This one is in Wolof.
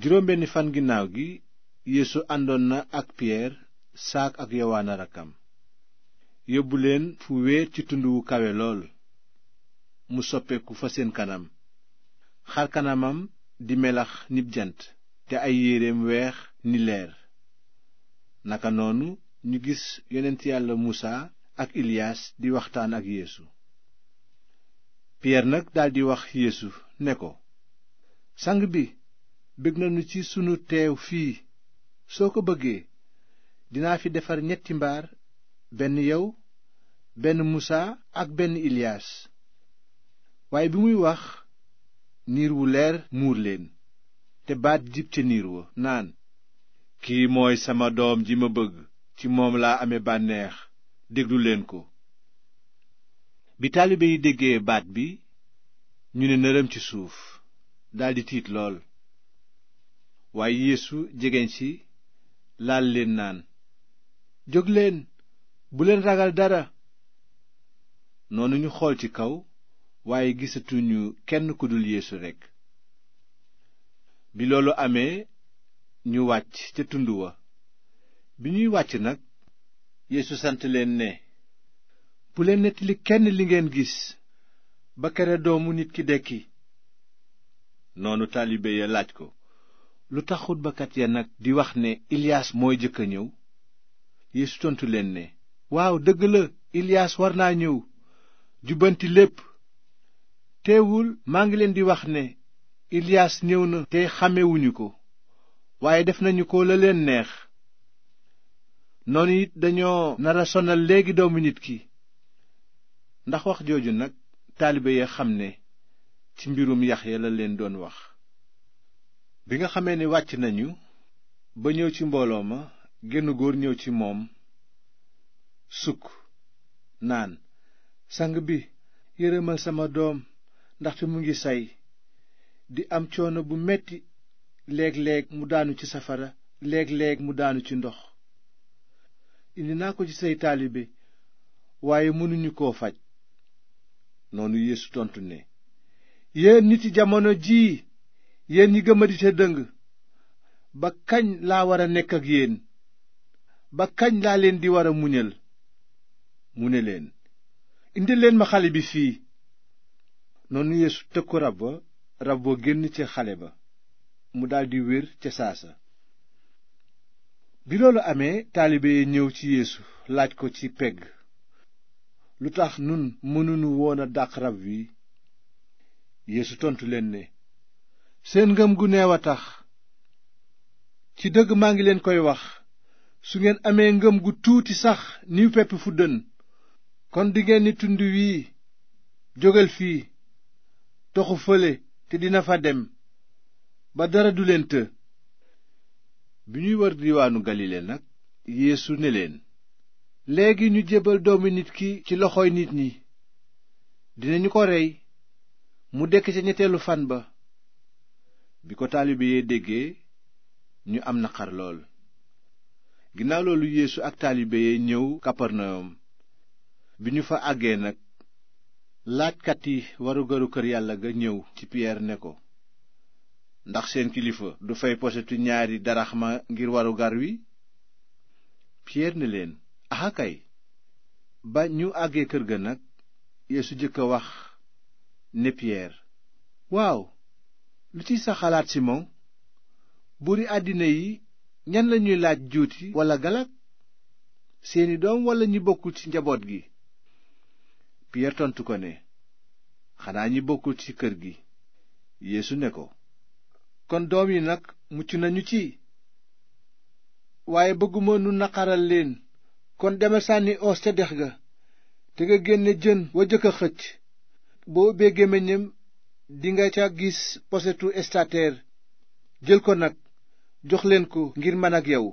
juróom benni fan ginnaaw gi yéesu àndoon na ak piyeer saak ak yowaana rakkam yóbbu leen fu wéer ci tund wu kawe lool mu soppeeku fa seen kanam xar kanamam di melax nib jant te ay yéreem weex ni leer naka noonu ñu gis yonent yàlla musaa ak iliyaas di waxtaan ak yeesu piyeer nag daldi wax yeesu ne ko sang bi bég nañu ci sunu teew fii soo ko bëggee dinaa fi defar ñetti mbaar benn yow benn musaa ak benn iliyaas waaye bi muy wax niir wu leer muur leen te baat jib ca niir wa naan kii mooy sama doom ji ma bëgg ci moom laa ame bànneex déglu leen ko bi taalibe yi déggee baat bi ñu ne nërëm ci suuf daldi tiit lool waaye yeesu jegeñ si laal leen naan jóg leen bu leen ragal dara noonu ñu xool ci kaw waaye gisatuñu kenn ku dul yeesu rekk bi loolu amee ñu wàcc ca tund wa bi ñuy wàcc nag yéesu sant leen ne bu leen nettali kenn li ngeen gis ba kere doomu nit ki dekki noonu taalibe ya laaj ko lu tax xutbakat ya nag di wax ne iliyaas mooy jëkk a ñëw yeesu tontu leen ne waaw dëgg la iliyaas war naa ñëw jubbanti lépp teewul maa ngi leen di wax ne iliyaas ñëw na te xàmmewuñu ko waaye def nañu ko la leen neex noonu it dañoo nara sonal léegi doomu nit ki ndax wax jooju nag taalibe yi xam ne ci mbirum Yaxya la leen doon wax bi nga xamee ni wàcc nañu ba ñëw ci mbooloo ma génn góor ñëw ci moom sukk naan sang bi yërëmal sama doom ndaxte mu ngi say di am coono bu metti léeg-léeg mu daanu ci safara léeg-léeg mu daanu ci ndox indi naa ko ci say taalibe waaye mënuñu koo faj noonu Yeesu tontu ne yéen nit yi jamono jii yéen ñi gëmadi te dëng ba kañ laa war a nekk ak yéen ba kañ laa leen di war a muñal mu ne leen indil leen ma xale bi fii noonu yeesu tëkku rab wa rab wa génn ca xale ba mu daldi wér ca saasa bi loolu amee taalibe yi ñëw ci yeesu laaj ko ci pegg lu tax nun mënunu woon a dàq rab wi yéesu tontu leen ne seen ngëm gu neew a tax ci dëgg maa ngi leen koy wax su ngeen amee ngëm gu tuuti sax ni pepp fuddën kon dingeen ni tund wii jógal fii toxu fële te dina fa dem ba dara du leen të bi ñuy wër diwaanu galile nag yeesu ne leen léegi ñu jébbal doomi nit ki ci loxoy nit ñi dinañu ko rey mu dekk ca ñetteelu fan ba bi ko taalibe yee déggee ñu am naqar lool ginnaaw loolu yeesu ak taalibe yee ñëw kaparnayom bi ñu fa àggee nag laajkat yi warugaru kër yàlla ga ñëw ci piyeer ne ko ndax seen kilifa du fay posetu ñaari daraxma ngir warugar wi piyeer ne leen axa kay ba ñu àggee kër ga nag yeesu jëkk a wax ne piyeer waaw lu ciy sa xalaat Simon buuri àddina yi ñan lañuy laaj juuti walla galak seeni doom walla ñi bokkul ci njaboot gi Piyeer tontu ko ne xanaa ñi bokkul ci kër gi Yeesu ne ko kon doom yi nag mucc nañu ci waaye bëgguma nu naqaral leen kon demal sànni oos ca dex ga te nga génne jën wa jëkk a xëcc boo ubbee dinga ca gis posetu estateer jël ko nag joxleen ko ngir mën ak yow